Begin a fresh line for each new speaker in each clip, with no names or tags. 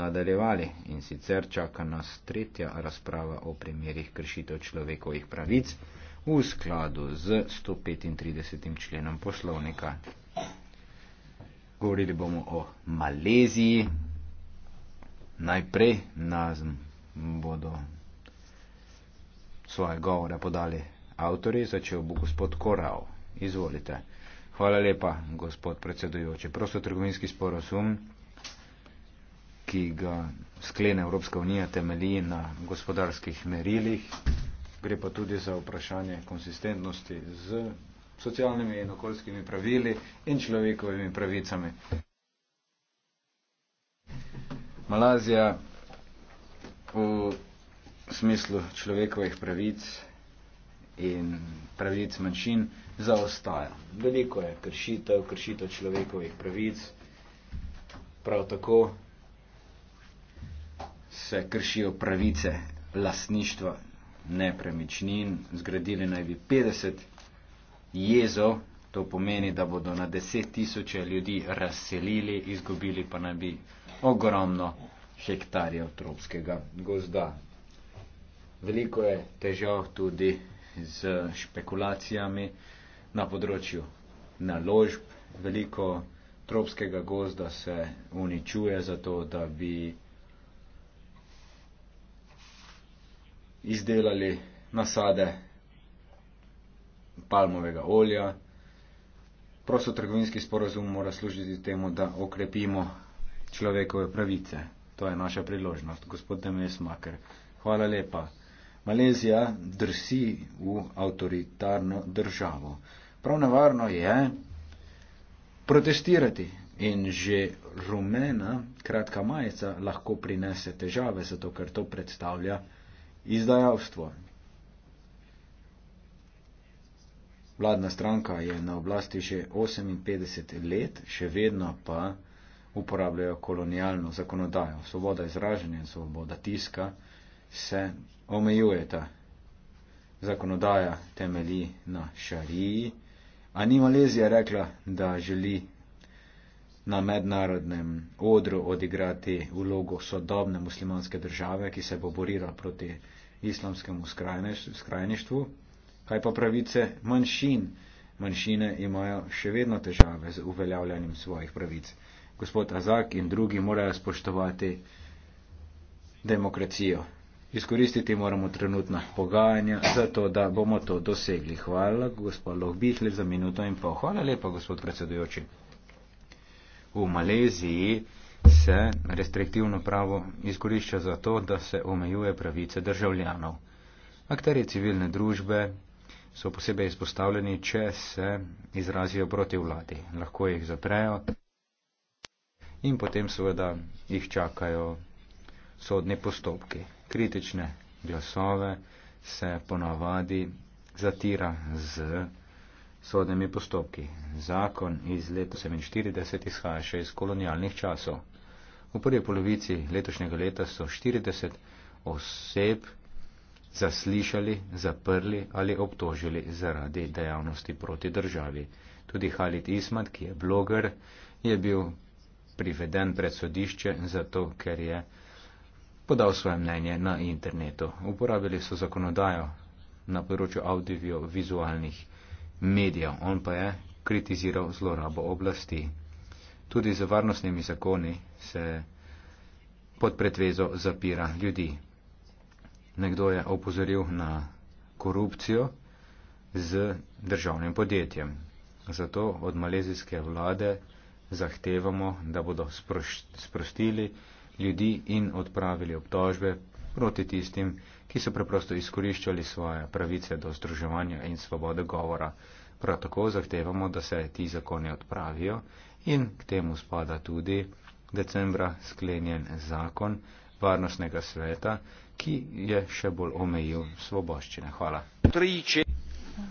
nadaljevali in sicer čaka nas tretja razprava o primerih kršitev človekovih pravic v skladu z 135. členom poslovnika. Govorili bomo o Maleziji. Najprej nas bodo svoje govore podali avtori, začel bo gospod Korao. Izvolite. Hvala lepa, gospod predsedujoči. Prostotrgovinski sporozum ki ga sklene Evropska unija, temelji na gospodarskih merilih. Gre pa tudi za vprašanje konsistentnosti z socialnimi in okoljskimi pravili in človekovimi pravicami. Malazija v smislu človekovih pravic in pravic manjšin zaostaja. Veliko je kršitev, kršitev človekovih pravic, prav tako se kršijo pravice lasništva nepremičnin. Zgradili naj bi 50 jezov, to pomeni, da bodo na deset tisoče ljudi razselili, izgubili pa naj bi ogromno hektarjev tropskega gozda. Veliko je težav tudi z špekulacijami na področju naložb. Veliko tropskega gozda se uničuje zato, da bi izdelali nasade palmovega olja. Prostotrgovinski sporozum mora služiti temu, da okrepimo človekove pravice. To je naša priložnost, gospod Demes Maker. Hvala lepa. Malezija drsi v avtoritarno državo. Prav nevarno je protestirati in že rumena kratka majica lahko prinese težave, zato ker to predstavlja izdajalstvo. Vladna stranka je na oblasti že 58 let, še vedno pa uporabljajo kolonialno zakonodajo. Svoboda izražanja in svoboda tiska se omejujeta. Zakonodaja temelji na šariji, a ni Malezija rekla, da želi na mednarodnem odru odigrati vlogo sodobne muslimanske države, ki se bo borila proti islamskemu skrajništvu. Kaj pa pravice manjšin? Manjšine imajo še vedno težave z uveljavljanjem svojih pravic. Gospod Azak in drugi morajo spoštovati demokracijo. Izkoristiti moramo trenutna pogajanja, zato da bomo to dosegli. Hvala, gospod Lohbihli, za minuto in pol. Hvala lepa, gospod predsedujoči. V Maleziji se restriktivno pravo izkorišča za to, da se omejuje pravice državljanov. Akteri civilne družbe so posebej izpostavljeni, če se izrazijo proti vladi. Lahko jih zaprejo in potem seveda jih čakajo sodni postopki. Kritične glasove se ponavadi zatira z sodnimi postopki. Zakon iz leta 47 izhaja še iz kolonialnih časov. V prvi polovici letošnjega leta so 40 oseb zaslišali, zaprli ali obtožili zaradi dejavnosti proti državi. Tudi Halit Ismat, ki je bloger, je bil priveden pred sodišče zato, ker je podal svoje mnenje na internetu. Uporabili so zakonodajo na področju audiovizualnih medijev, on pa je kritiziral zlorabo oblasti. Tudi z varnostnimi zakoni se pod pretvezo zapira ljudi. Nekdo je opozoril na korupcijo z državnim podjetjem. Zato od malezijske vlade zahtevamo, da bodo sprošt, sprostili ljudi in odpravili obtožbe proti tistim, ki so preprosto izkoriščali svoje pravice do združevanja in svobode govora. Prav tako zahtevamo, da se ti zakoni odpravijo in k temu spada tudi decembra sklenjen zakon varnostnega sveta, ki je še bolj omejil svoboščine. Hvala.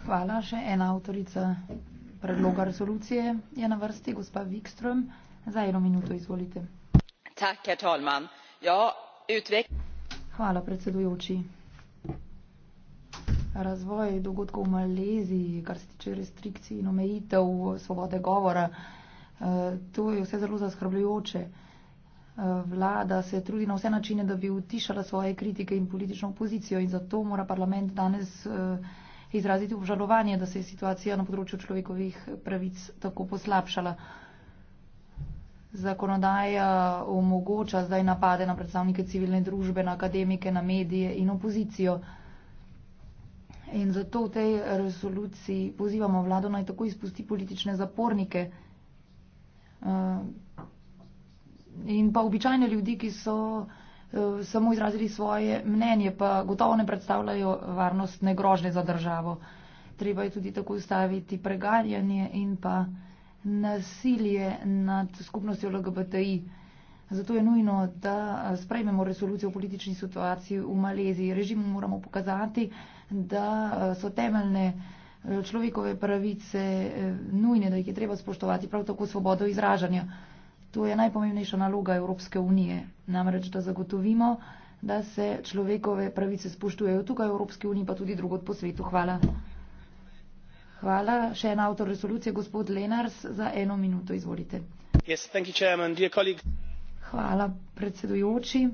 Hvala. Še ena avtorica predloga rezolucije je na vrsti, gospa Wikström. Za eno minuto izvolite. Tak, ja, utvek... Hvala, predsedujoči. Razvoj dogodkov v Maleziji, kar se tiče restrikcij in omejitev svobode govora, eh, to je vse zelo zaskrbljujoče. Eh, vlada se trudi na vse načine, da bi utišala svoje kritike in politično opozicijo in zato mora parlament danes eh, izraziti obžalovanje, da se je situacija na področju človekovih pravic tako poslabšala. Zakonodaja omogoča zdaj napade na predstavnike civilne družbe, na akademike, na medije in opozicijo. In zato v tej resoluciji pozivamo vlado naj tako izpusti politične zapornike eh, in pa običajne ljudi, ki so eh, samo izrazili svoje mnenje, pa gotovo ne predstavljajo varnostne grožne za državo. Treba je tudi tako ustaviti preganjanje in pa nasilje nad skupnostjo LGBTI. Zato je nujno, da sprejmemo resolucijo o politični situaciji v Maleziji. Režimu moramo pokazati, da so temeljne človekove pravice nujne, da jih je treba spoštovati, prav tako svobodo izražanja. To je najpomembnejša naloga Evropske unije, namreč da zagotovimo, da se človekove pravice spoštujejo tukaj v Evropski uniji, pa tudi drugod po svetu. Hvala. Hvala. Še en avtor resolucije, gospod Lenars, za eno minuto. Izvolite. Yes, chairman, Hvala, predsedujoči.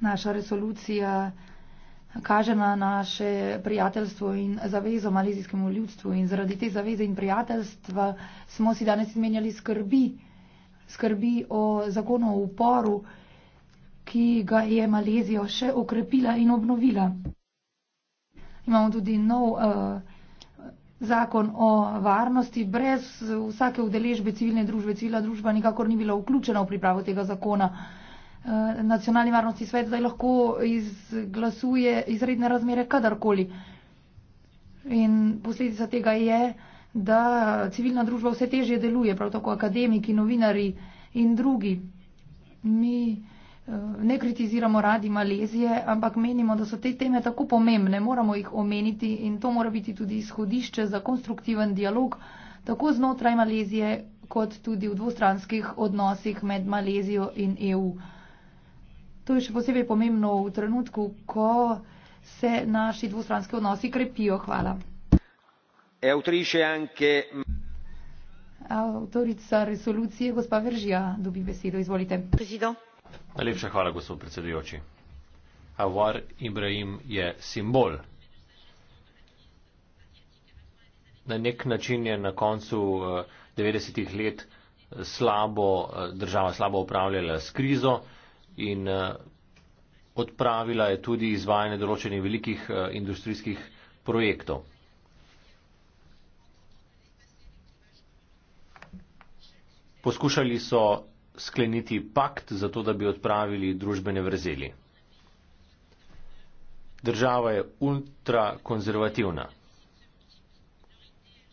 Naša resolucija kaže na naše prijateljstvo in zavezo malezijskemu ljudstvu in zaradi te zaveze in prijateljstva smo si danes izmenjali skrbi, skrbi o zakonu o uporu, ki ga je Malezijo še okrepila in obnovila. Imamo tudi nov. Uh, zakon o varnosti, brez vsake udeležbe civilne družbe, civilna družba nikakor ni bila vključena v pripravo tega zakona. Eh, Nacionalni varnostni svet zdaj lahko izglasuje izredne razmere kadarkoli. In posledica tega je, da civilna družba vse težje deluje, prav tako akademiki, novinari in drugi. Mi Eh, ne kritiziramo radi Malezije, ampak menimo, da so te teme tako pomembne, moramo jih omeniti in to mora biti tudi izhodišče za konstruktiven dialog tako znotraj Malezije, kot tudi v dvostranskih odnosih med Malezijo in EU. To je še posebej pomembno v trenutku, ko se naši dvostranski odnosi krepijo. Hvala. E Avtorica resolucije, gospa Veržija, dobi besedo. Izvolite. Prezident.
Najlepša hvala, gospod predsedujoči. Avar Ibrahim je simbol. Na nek način je na koncu 90-ih eh, let eh, slabo, eh, država slabo upravljala s krizo in odpravila je tudi izvajanje določenih velikih industrijskih projektov. Poskušali so skleniti pakt, zato da bi odpravili družbene vrzeli. Država je ultrakonzervativna.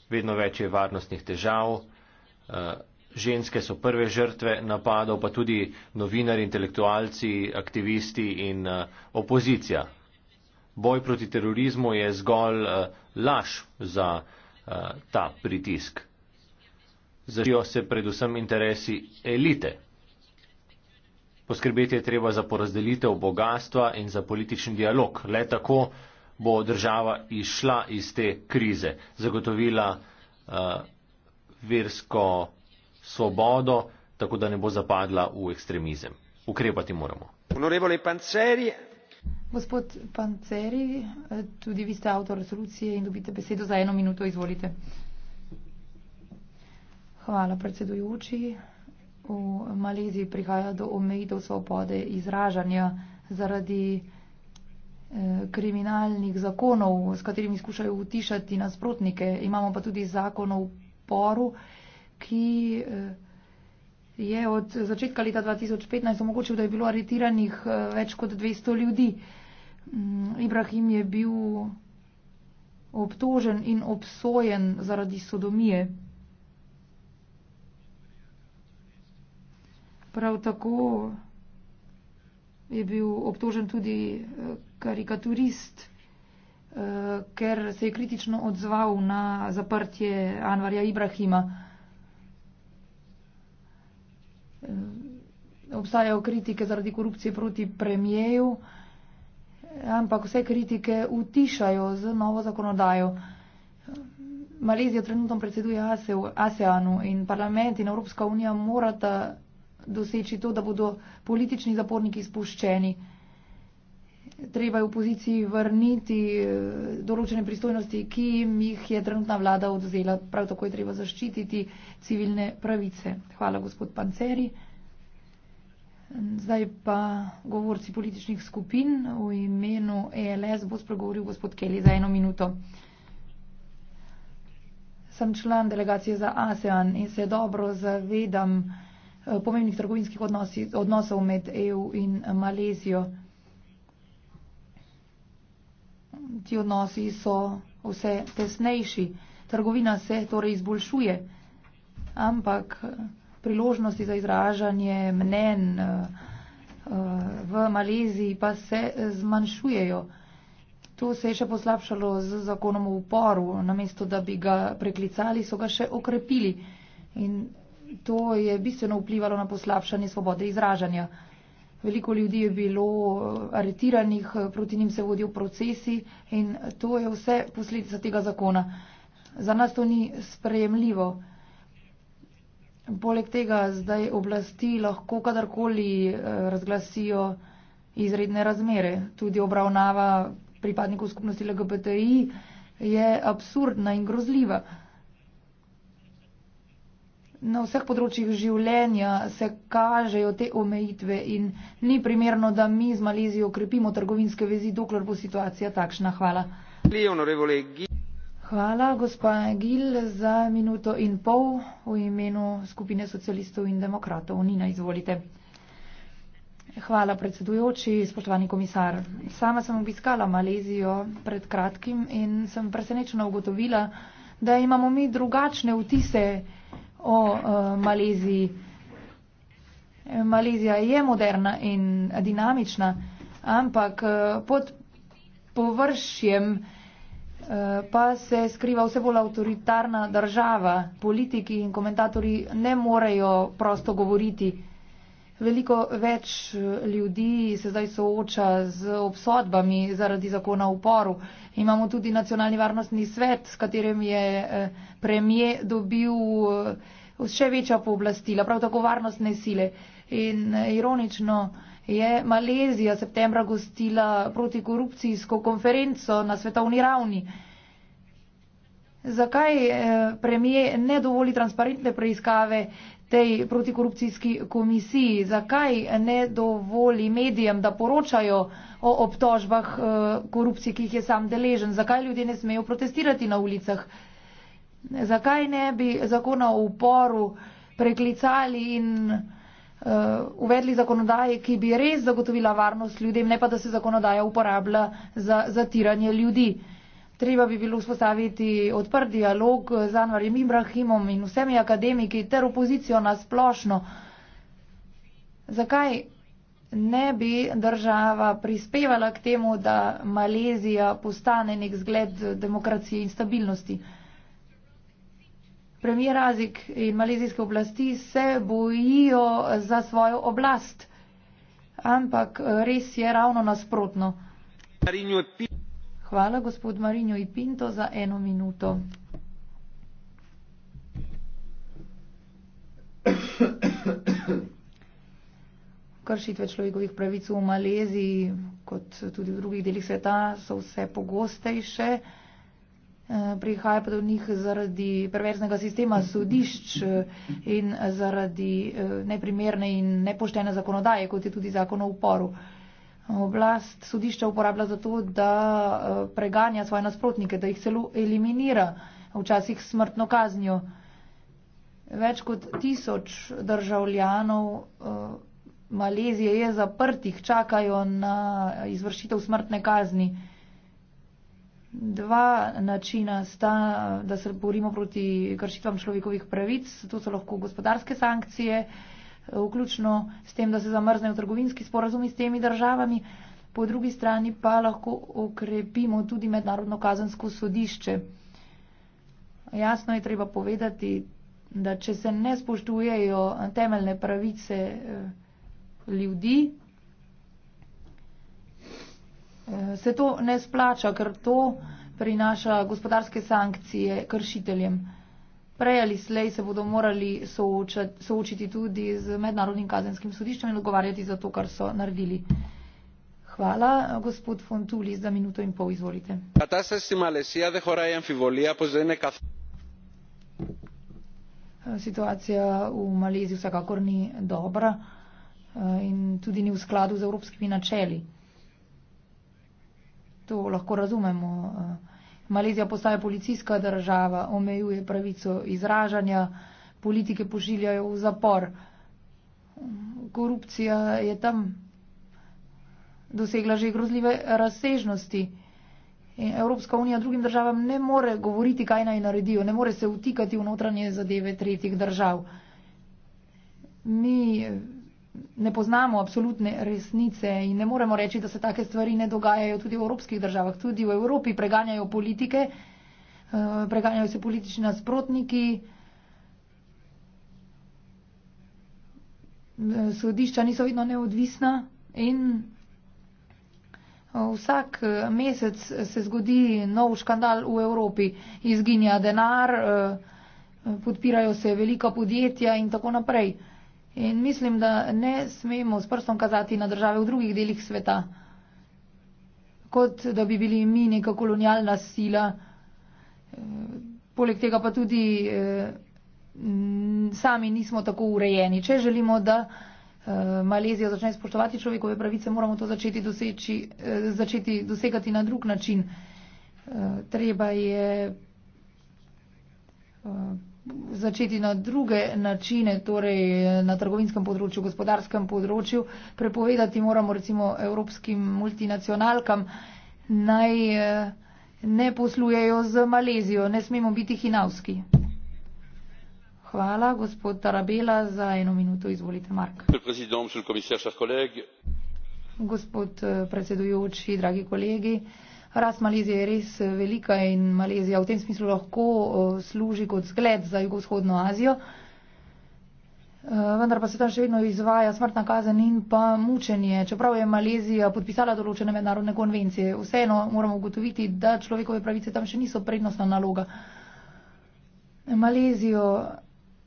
Vedno več je varnostnih težav, eh, ženske so prve žrtve napadov, pa tudi novinari, intelektualci, aktivisti in eh, opozicija. Boj proti terorizmu je zgolj eh, laž za ta pritisk zaščijo se predvsem interesi elite. Poskrbeti je treba za porazdelitev bogatstva in za politični dialog. Le tako bo država izšla iz te krize, zagotovila uh, versko svobodo, tako da ne bo zapadla v ekstremizem. Ukrepati moramo.
Gospod Panceri, eh, tudi vi ste avtor resolucije in dobite besedo za eno minuto, izvolite. Hvala, predsedujoči. V Maleziji prihaja do omejitev svobode izražanja zaradi eh, kriminalnih zakonov, s katerimi skušajo utišati nasprotnike. Imamo pa tudi zakon o poru, ki eh, je od začetka leta 2015 omogočil, da je bilo aretiranih eh, več kot 200 ljudi. Mm, Ibrahim je bil obtožen in obsojen zaradi sodomije. Prav tako je bil obtožen tudi eh, karikaturist, eh, ker se je kritično odzval na zaprtje Anvarja Ibrahima. Eh, obstajajo kritike zaradi korupcije proti premijeju, ampak vse kritike utišajo z novo zakonodajo. Malezija trenutno predseduje ASEANu in parlament in Evropska unija morata doseči to, da bodo politični zaporniki izpuščeni. Treba je v opoziciji vrniti eh, določene pristojnosti, ki jim jih je trenutna vlada oduzela. Prav tako je treba zaščititi civilne pravice. Hvala, gospod Panceri. Zdaj pa govorci političnih skupin v imenu ELS bo spregovoril gospod Kelly za eno minuto. Sem član delegacije za ASEAN in se dobro zavedam, Eh, pomembnih trgovinskih odnosi, odnosov med EU in eh, Malezijo. Ti odnosi so vse tesnejši. Trgovina se torej izboljšuje, ampak eh, priložnosti za izražanje mnen v Maleziji pa se zmanjšujejo. To se je še poslabšalo z zakonom o uporu. Namesto, da bi ga preklicali, so ga še okrepili. In to je bistveno vplivalo na poslabšanje svobode izražanja. Veliko ljudi je bilo eh, aretiranih, eh, proti njim se vodijo procesi in to je vse posledica tega zakona. Za nas to ni sprejemljivo. Poleg tega zdaj oblasti lahko kadarkoli eh, razglasijo izredne razmere. Tudi obravnava pripadnikov skupnosti LGBTI je absurdna in grozljiva na vseh področjih življenja se kažejo te omejitve in ni primerno, da mi z Malezijo okrepimo trgovinske vezi, dokler bo situacija takšna. Hvala. Hvala, gospa Gil, za minuto in pol v imenu skupine socialistov in demokratov. Nina, izvolite. Hvala, predsedujoči, spoštovani komisar. Sama sem obiskala Malezijo pred kratkim in sem presenečena ugotovila, da imamo mi drugačne vtise o uh, Maleziji. Malezija je moderna in dinamična, ampak eh, pod površjem eh, pa se skriva vse bolj avtoritarna država. Politiki in komentatorji ne morejo prosto govoriti. Veliko več eh, ljudi se zdaj sooča z obsodbami zaradi zakona o uporu. Imamo tudi nacionalni varnostni svet, s katerim je eh, premije dobil eh, še večja pooblastila, prav tako varnostne sile. In ironično je Malezija septembra gostila protikorupcijsko konferenco na svetovni ravni. Zakaj premije ne dovoli transparentne preiskave tej protikorupcijski komisiji, zakaj ne dovoli medijem, da poročajo o obtožbah eh, korupcije, ki jih je sam deležen, zakaj ljudje ne smejo protestirati na ulicah, zakaj ne bi zakona o uporu preklicali in uh, uvedli zakonodaje, ki bi res zagotovila varnost ljudem, ne pa da se zakonodaja uporablja za zatiranje ljudi. Uh, Treba bi bilo vzpostaviti odprt dialog z Anvarjem Ibrahimom in vsemi akademiki ter opozicijo na splošno. Zakaj ne bi država prispevala k temu, da Malezija postane nek zgled demokracije in stabilnosti? Premijer Razik in malezijske oblasti se bojijo za svojo oblast, ampak res je ravno nasprotno. Hvala, gospod Marinjo Ipinto, za eno minuto. Kršitve človekovih pravic v Maleziji, kot tudi v drugih delih sveta, so vse pogostejše. Eh, prihaja pa do njih zaradi perverznega sistema sodišč eh, in zaradi eh, neprimerne in nepoštene zakonodaje, kot je tudi zakon o uporu oblast sodišča uporablja za to, da eh, preganja svoje nasprotnike, da jih celo eliminira, včasih smrtno kaznijo. Več kot tisoč državljanov eh, Malezije je zaprtih, čakajo na izvršitev smrtne kazni. Dva načina sta, da se borimo proti kršitvam človekovih pravic, to so lahko gospodarske sankcije, vključno s tem, da se zamrznejo trgovinski sporazumi s temi državami, po drugi strani pa lahko okrepimo tudi mednarodno kazensko sodišče. Jasno je treba povedati, da če se ne spoštujejo temeljne pravice eh, ljudi, eh, se to ne splača, ker to prinaša gospodarske sankcije kršiteljem prej ali slej se bodo morali soočati, soočiti tudi z mednarodnim kazenskim sodiščem in odgovarjati za to, kar so naredili. Hvala, gospod Fontuli, za minuto in pol izvolite. Situacija v Maleziji vsekakor ni dobra eh, in tudi ni v skladu z evropskimi načeli. To lahko razumemo. Eh, Malezija postaja policijska država, omejuje pravico izražanja, politike pošiljajo v zapor. Korupcija je tam dosegla že grozljive razsežnosti. In Evropska unija drugim državam ne more govoriti, kaj naj naredijo, ne more se vtikati v notranje zadeve tretjih držav. Mi ne poznamo absolutne resnice in ne moremo reči, da se take stvari ne dogajajo tudi v evropskih državah. Tudi v Evropi preganjajo politike, eh, preganjajo se politični nasprotniki. Eh, sodišča niso vedno neodvisna in eh, vsak mesec se zgodi nov škandal v Evropi. Izginja denar, podpirajo se velika podjetja in tako naprej. In mislim, da ne smemo s prstom kazati na države v drugih delih sveta, kot da bi bili mi neka kolonialna sila. Eh, poleg tega pa tudi eh, sami nismo tako urejeni. Če želimo, da eh, Malezija začne spoštovati človekove pravice, moramo to začeti, doseči, začeti dosegati na drug način. Treba je začeti na druge načine, torej na trgovinskem področju, gospodarskem področju. Prepovedati moramo recimo evropskim multinacionalkam naj eh, ne poslujejo z Malezijo, ne smemo biti hinavski. Hvala, gospod Tarabela, za eno minuto izvolite, Mark. Gospod eh, predsedujoči, dragi kolegi. Rast Malezije je res eh, velika in Malezija v tem smislu lahko eh, služi kot zgled za jugovzhodno Azijo. Eh, vendar pa se tam še vedno izvaja smrtna kazen in pa mučenje. Čeprav je Malezija podpisala določene mednarodne konvencije, vseeno moramo ugotoviti, da človekove pravice tam še niso prednostna naloga. Malezijo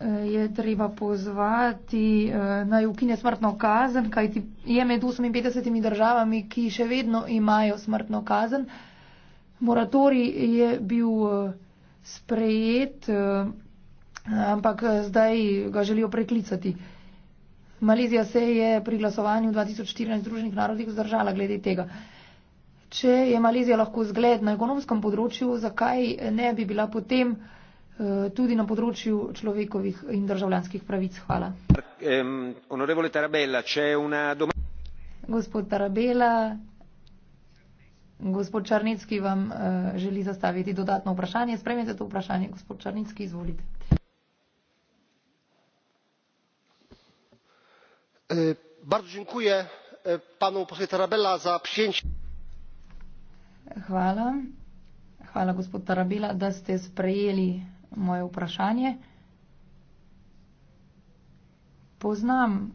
Eh, je treba pozvati eh, naj ukine smrtno kazen, kajti je med 58 državami, ki še vedno imajo smrtno kazen. Moratorij je bil eh, sprejet, ampak zdaj ga želijo preklicati. Malezija se je pri glasovanju 2014 Združenih narodih vzdržala glede tega. Če je Malezija lahko zgled na ekonomskem področju, zakaj ne bi bila potem uh, Eh, tudi na področju človekovih in državljanskih pravic. Hvala. Gospod Tarabela, gospod Črnecki vam eh, želi zastaviti dodatno vprašanje. Spremljate to vprašanje, gospod Črnecki, izvolite. E, e, Hvala. Hvala, gospod Tarabela, da ste sprejeli moje vprašanje. Poznam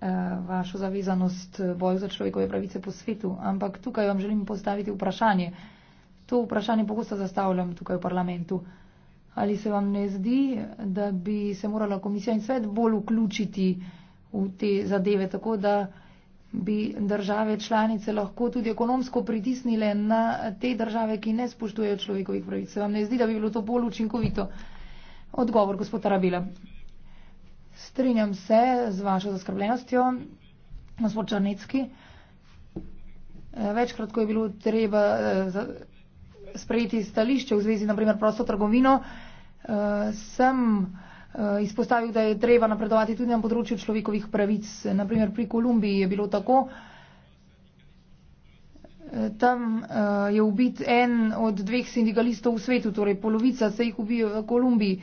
eh, vašo zavezanost boju za človekove pravice po svetu, ampak tukaj vam želim postaviti vprašanje. To vprašanje pogosto zastavljam tukaj v parlamentu. Ali se vam ne zdi, da bi se morala komisija in svet bolj vključiti v te zadeve, tako da bi države članice lahko tudi ekonomsko pritisnile na te države, ki ne spoštujejo človekovih pravic. Se vam ne zdi, da bi bilo to bolj učinkovito? Odgovor, gospod Rabila. Strinjam se z vašo zaskrbljenostjo, gospod Črnecki. Večkrat, ko je bilo treba eh, sprejeti stališče v zvezi, naprimer, prosto trgovino, eh, sem. Eh, izpostavil, da je treba napredovati tudi na področju človekovih pravic. Naprimer pri Kolumbiji je bilo tako. Eh, tam eh, je ubit en od dveh sindikalistov v svetu, torej polovica se jih ubije v Kolumbiji.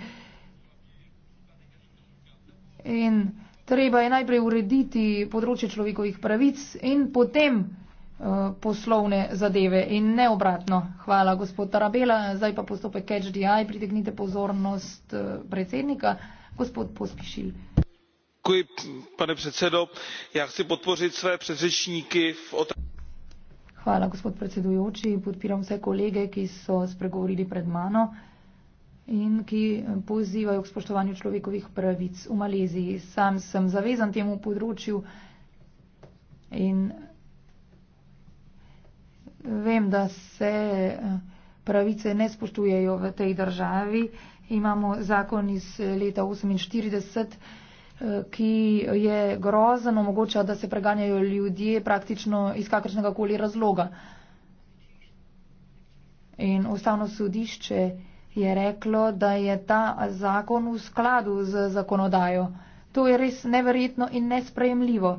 In treba je najprej urediti področje človekovih pravic in potem Eh, poslovne zadeve in ne obratno. Hvala, gospod Tarabela. Zdaj pa postopek HDI, pritegnite pozornost eh, predsednika, gospod Poskišil. Děkuji, pane předsedo. Já chci podpořit své předřečníky v Hvala, gospod predsedujoči. Podpiram vse kolege, ki so spregovorili pred mano in ki pozivajo k spoštovanju človekovih pravic v Maleziji. Sam sem zavezan temu področju in vem, da se eh, pravice ne spoštujejo v tej državi. Imamo zakon iz eh, leta 48, eh, ki je grozen, omogoča, da se preganjajo ljudje praktično iz kakršnega koli razloga. In ustavno sodišče je reklo, da je ta zakon v skladu z zakonodajo. To je res neverjetno in nesprejemljivo.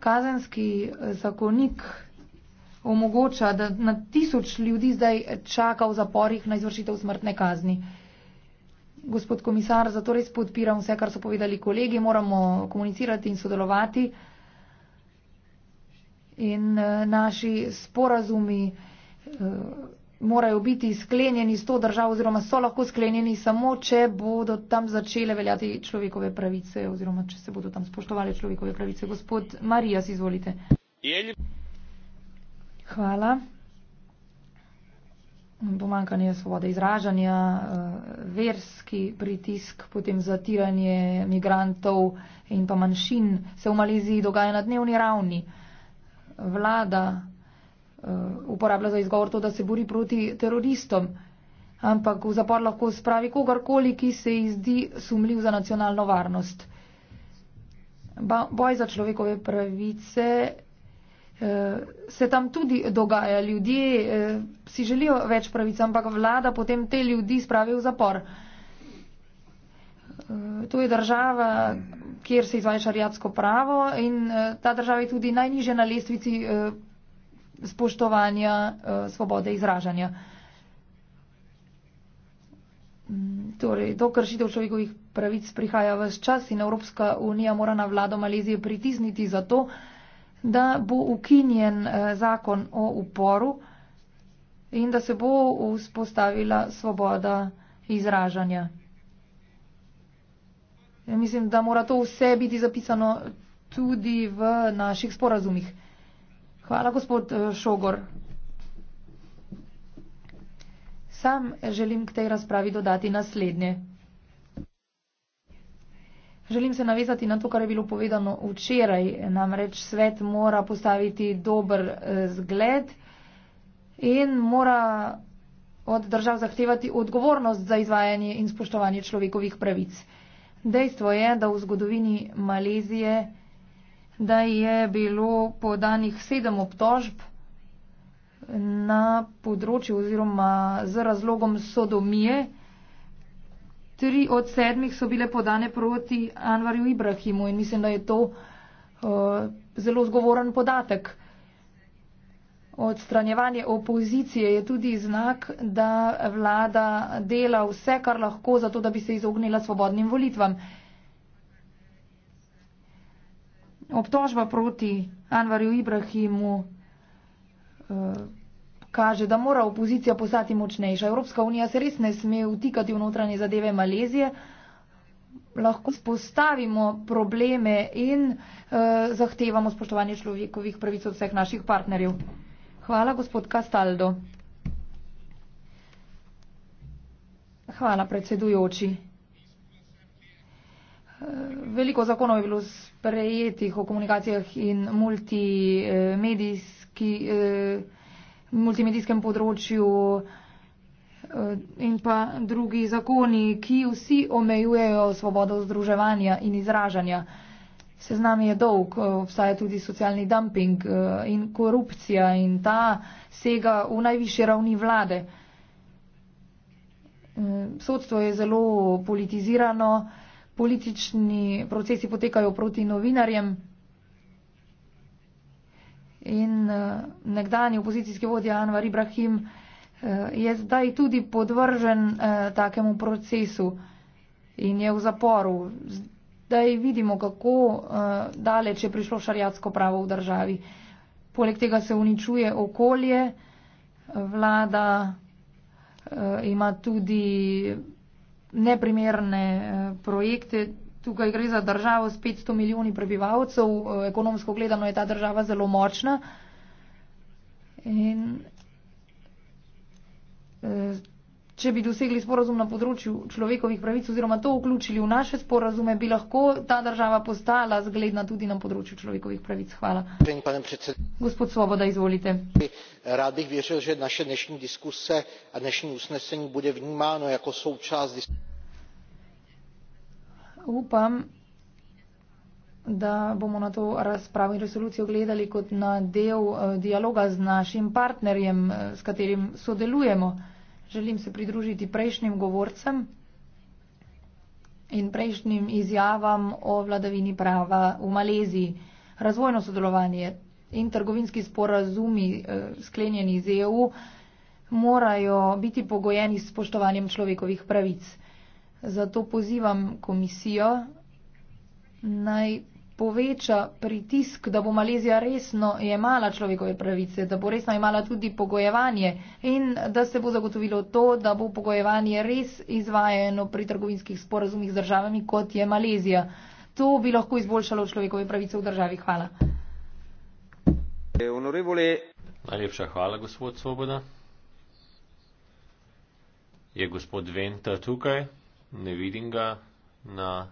Kazenski zakonik omogoča, da na tisoč ljudi zdaj čaka v zaporih na izvršitev smrtne kazni. Gospod komisar, zato res podpiram vse, kar so povedali kolegi, moramo komunicirati in sodelovati. In eh, naši sporazumi eh, morajo biti sklenjeni s to državo oziroma so lahko sklenjeni samo, če bodo tam začele veljati človekove pravice oziroma če se bodo tam spoštovali človekove pravice. Gospod Marijas, izvolite. Jel... Hvala. Pomankanje svobode izražanja, eh, verski pritisk, potem zatiranje migrantov in pa manjšin se v Maleziji dogaja na dnevni ravni. Vlada eh, uporablja za izgovor to, da se bori proti teroristom, ampak v zapor lahko spravi kogarkoli, ki se ji zdi sumljiv za nacionalno varnost. Boj za človekove pravice Eh, se tam tudi dogaja. Ljudje eh, si želijo več pravic, ampak vlada potem te ljudi spravi v zapor. Eh, to je država, kjer se izvaja šariatsko pravo in ta država je tudi najniže na lestvici spoštovanja svobode izražanja. Mm, torej, to kršitev človekovih pravic prihaja vse čas in Evropska unija mora na vlado Malezije pritisniti za to, da bo ukinjen eh, zakon o uporu in da se bo vzpostavila svoboda izražanja. Ja, mislim, da mora to vse biti zapisano tudi v naših sporazumih. Hvala, gospod eh, Šogor. Sam želim k tej razpravi dodati naslednje. Želim se navezati na to, kar je bilo povedano včeraj. Namreč svet mora postaviti dober eh, zgled in mora od držav zahtevati odgovornost za izvajanje in spoštovanje človekovih pravic. Dejstvo je, da v zgodovini Malezije, da je bilo podanih sedem obtožb na področju oziroma z razlogom sodomije, tri od sedmih so bile podane proti Anvarju Ibrahimu in mislim, da je to uh, zelo zgovoren podatek. Odstranjevanje opozicije je tudi znak, da vlada dela vse, kar lahko, zato da bi se izognila svobodnim volitvam. Obtožba proti Anvarju Ibrahimu. Uh, kaže, da mora opozicija postati močnejša. Evropska unija se res ne sme vtikati v notranje zadeve Malezije. Lahko spostavimo probleme in eh, zahtevamo spoštovanje človekovih pravic od vseh naših partnerjev. Hvala, gospod Castaldo. Hvala, predsedujoči. Eh, veliko zakonov je bilo sprejetih o komunikacijah in multimedijski. Eh, multimedijskem področju eh, in pa drugi zakoni, ki vsi omejujejo svobodo združevanja in izražanja. Seznam je dolg, eh, obstaja tudi socialni dumping eh, in korupcija in ta sega v najvišji ravni vlade. Sodstvo je zelo politizirano, politični procesi potekajo proti novinarjem in uh, eh, nekdani opozicijski vodja Anwar Ibrahim uh, je zdaj tudi podvržen uh, takemu procesu in je v zaporu. Zdaj vidimo, kako uh, daleč je prišlo šariatsko pravo v državi. Poleg tega se uničuje okolje, vlada uh, ima tudi neprimerne uh, projekte, tukaj gre za državo s 500 milijoni prebivalcev, eh, ekonomsko gledano je ta država zelo močna. In, eh, če bi dosegli sporazum na področju človekovih pravic oziroma to vključili v naše sporazume, bi lahko ta država postala zgledna tudi na področju človekovih pravic. Hvala. Gospod Svoboda, izvolite.
Rad bih vešel, že naše dnešnje diskuse a dnešnje usnesenje bude vnimano jako součas diskusije
upam, da bomo na to razpravo in resolucijo gledali kot na del eh, dialoga z našim partnerjem, eh, s katerim sodelujemo. Želim se pridružiti prejšnjim govorcem in prejšnjim izjavam o vladavini prava v Maleziji. Razvojno sodelovanje in trgovinski sporazumi eh, sklenjeni z EU morajo biti pogojeni s spoštovanjem človekovih pravic. Zato pozivam komisijo naj poveča pritisk, da bo Malezija resno jemala človekove pravice, da bo resno jemala tudi pogojevanje in da se bo zagotovilo to, da bo pogojevanje res izvajeno pri trgovinskih sporazumih z državami, kot je Malezija. To bi lahko izboljšalo človekove pravice v državi. Hvala.
Najlepša hvala, gospod Svoboda. Je gospod Venta tukaj? ne vidim ga na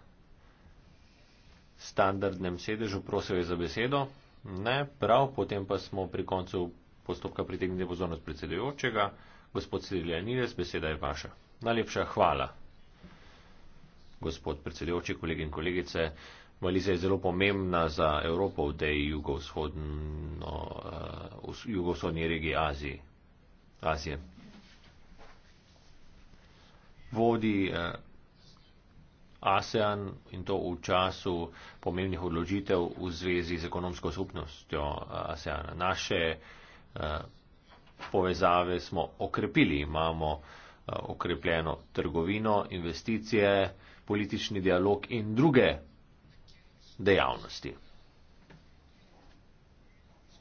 standardnem sedežu, prosil je za besedo. Ne, prav, potem pa smo pri koncu postopka pritegnili pozornost predsedujočega. Gospod Sirilja Niles, beseda je vaša. Najlepša hvala. Gospod predsedujoči, kolegi in kolegice, Malizija je zelo pomembna za Evropo v tej jugovzhodno, uh, jugovzhodni regiji Aziji. Azije. Vodi uh, ASEAN in to v času pomembnih odločitev v zvezi z ekonomsko skupnostjo eh, ASEANA. Naše eh, povezave smo okrepili, imamo eh, okrepljeno trgovino, investicije, politični dialog in druge dejavnosti.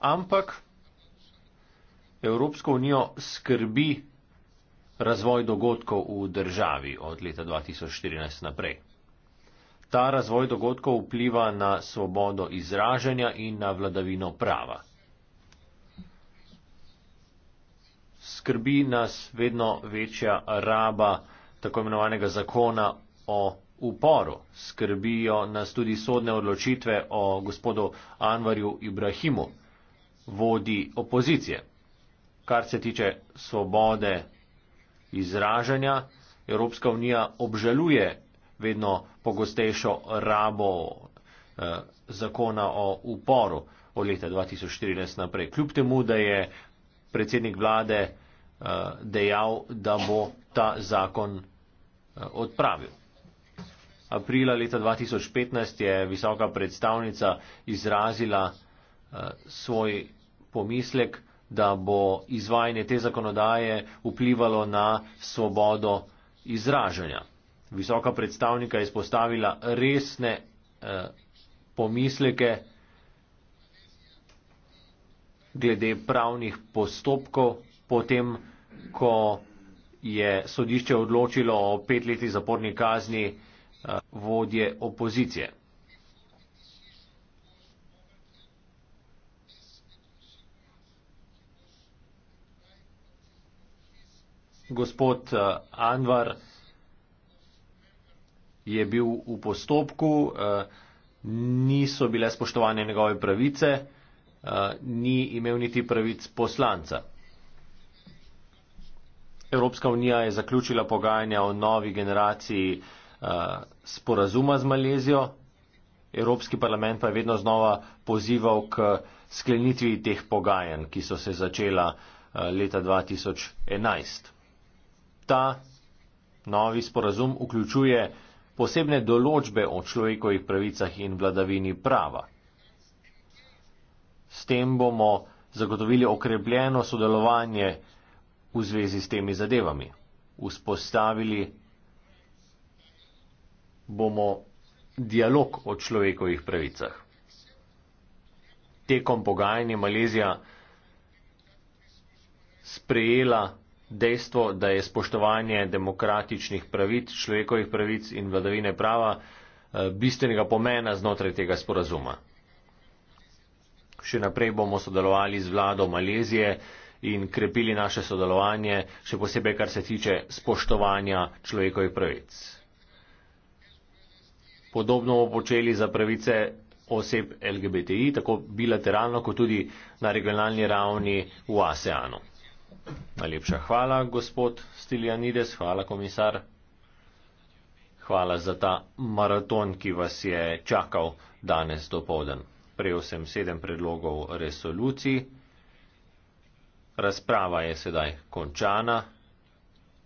Ampak Evropsko unijo skrbi razvoj dogodkov v državi od leta 2014 naprej. Ta razvoj dogodkov vpliva na svobodo izražanja in na vladavino prava. Skrbi nas vedno večja raba tako imenovanega zakona o uporu. Skrbijo nas tudi sodne odločitve o gospodu Anvarju Ibrahimu, vodi opozicije. Kar se tiče svobode izražanja, Evropska unija obžaluje vedno pogostejšo rabo eh, zakona o uporu od leta 2014 naprej. Kljub temu, da je predsednik vlade eh, dejal, da bo ta zakon eh, odpravil. Aprila leta 2015 je visoka predstavnica izrazila svoj pomislek, da bo izvajanje te zakonodaje vplivalo na svobodo izražanja visoka predstavnika izpostavila resne eh, pomisleke glede pravnih postopkov, potem ko je sodišče odločilo o petletni zaporni kazni eh, vodje opozicije. Gospod eh, Anvar, je bil v postopku, eh, niso bile spoštovane njegove pravice, eh, ni imel niti pravic poslanca. Evropska unija je zaključila pogajanja o novi generaciji eh, sporazuma z Malezijo. Evropski parlament pa je vedno znova pozival k sklenitvi teh pogajanj, ki so se začela leta 2011. Ta novi sporazum vključuje posebne določbe o človekovih pravicah in vladavini prava. S tem bomo zagotovili okrepljeno sodelovanje v zvezi s temi zadevami. Vzpostavili bomo dialog o človekovih pravicah. Tekom pogajanja Malezija sprejela dejstvo, da je spoštovanje demokratičnih pravic, človekovih pravic in vladavine prava eh, bistvenega pomena znotraj tega sporazuma. Še naprej bomo sodelovali z vlado Malezije in krepili naše sodelovanje, še posebej kar se tiče spoštovanja človekovih pravic. Podobno bomo počeli za pravice oseb LGBTI, tako bilateralno kot tudi na regionalni ravni v ASEANu. Najlepša hvala, gospod Stiljanides, hvala, komisar. Hvala za ta maraton, ki vas je čakal danes dopoldan. Prejel sem sedem predlogov resolucij. Razprava je sedaj končana.